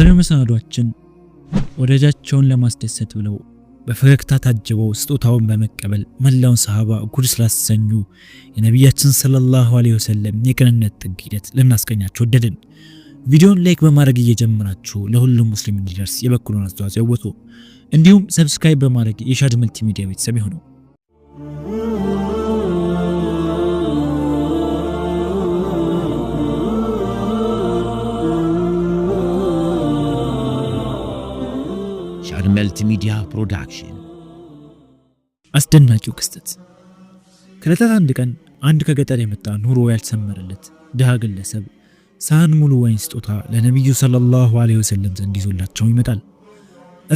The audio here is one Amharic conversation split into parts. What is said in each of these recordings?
በዛሬው መሰናዷችን ወዳጃቸውን ለማስደሰት ብለው በፈገግታ ታጅበው ስጦታውን በመቀበል መላውን ሰሃባ ጉድ ስላሰኙ የነቢያችን ሰለላሁ ዐለይሂ ወሰለም የቅንነት ጥግ ሂደት ልናስገኛቸው ወደድን። ቪዲዮን ላይክ በማድረግ እየጀመራችሁ ለሁሉም ሙስሊም እንዲደርስ የበኩሉን አስተዋጽኦ ያወጡ፣ እንዲሁም ሰብስክራይብ በማድረግ የሻድ መልቲሚዲያ ቤተሰብ ይሁነው። ቻን ሚዲያ ፕሮዳክሽን። አስደናቂው ክስተት ከዕለታት አንድ ቀን አንድ ከገጠር የመጣ ኑሮ ያልተሰመረለት ድሃ ግለሰብ ሳህን ሙሉ ወይን ስጦታ ለነቢዩ ሰለላሁ ዐለይሂ ወሰለም ዘንድ ይዞላቸው ይመጣል።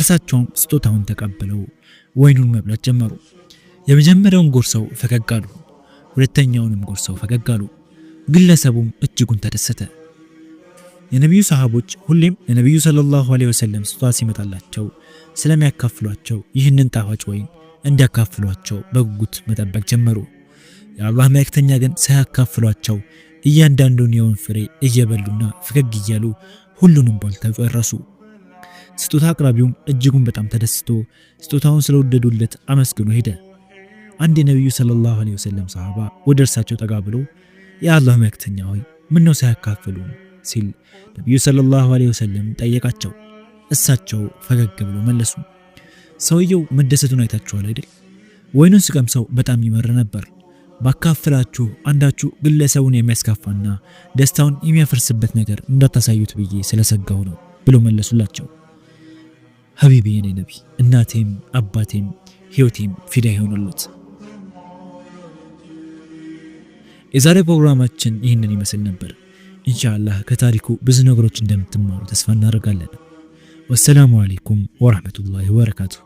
እርሳቸውም ስጦታውን ተቀብለው ወይኑን መብላት ጀመሩ። የመጀመሪያውን ጎርሰው ፈገግ አሉ። ሁለተኛውንም ጎርሰው ፈገግ አሉ። ግለሰቡም እጅጉን ተደሰተ። የነቢዩ ሰሃቦች ሁሌም ለነቢዩ ሰለላሁ ዐለይሂ ወሰለም ስጦታ ሲመጣላቸው ስለሚያካፍሏቸው ይህንን ጣፋጭ ወይን እንዲያካፍሏቸው በጉጉት መጠበቅ ጀመሩ። የአላህ መልእክተኛ ግን ሳያካፍሏቸው እያንዳንዱን የወይን ፍሬ እየበሉና ፈገግ እያሉ ሁሉንም በልተው ጨረሱ። ስጦታ አቅራቢውም እጅጉን በጣም ተደስቶ ስጦታውን ስለወደዱለት አመስግኖ ሄደ። አንድ የነቢዩ ሰለላሁ ዐለይሂ ወሰለም ሰሃባ ወደ እርሳቸው ጠጋ ብሎ የአላህ መልእክተኛ ሆይ ምነው ሳያካፍሉን ሲል ነቢዩ ሰለላሁ ዐለይሂ ወሰለም ጠየቃቸው። እሳቸው ፈገግ ብለው መለሱ። ሰውየው መደሰቱን አይታችኋል አይደል? ወይኑን ሲቀምሰው በጣም ይመር ነበር። ባካፍላችሁ አንዳችሁ ግለሰቡን የሚያስከፋና ደስታውን የሚያፈርስበት ነገር እንዳታሳዩት ብዬ ስለሰጋው ነው ብሎ መለሱላቸው። ሀቢብ የኔ ነቢ፣ እናቴም አባቴም ህይወቴም ፊዳ ይሆኑሉት። የዛሬ ፕሮግራማችን ይህንን ይመስል ነበር። ኢንሻአላህ ከታሪኩ ብዙ ነገሮች እንደምትማሩ ተስፋ እናደርጋለን። ወሰላሙ አሌይኩም ወራህመቱላሂ ወበረካቱሁ።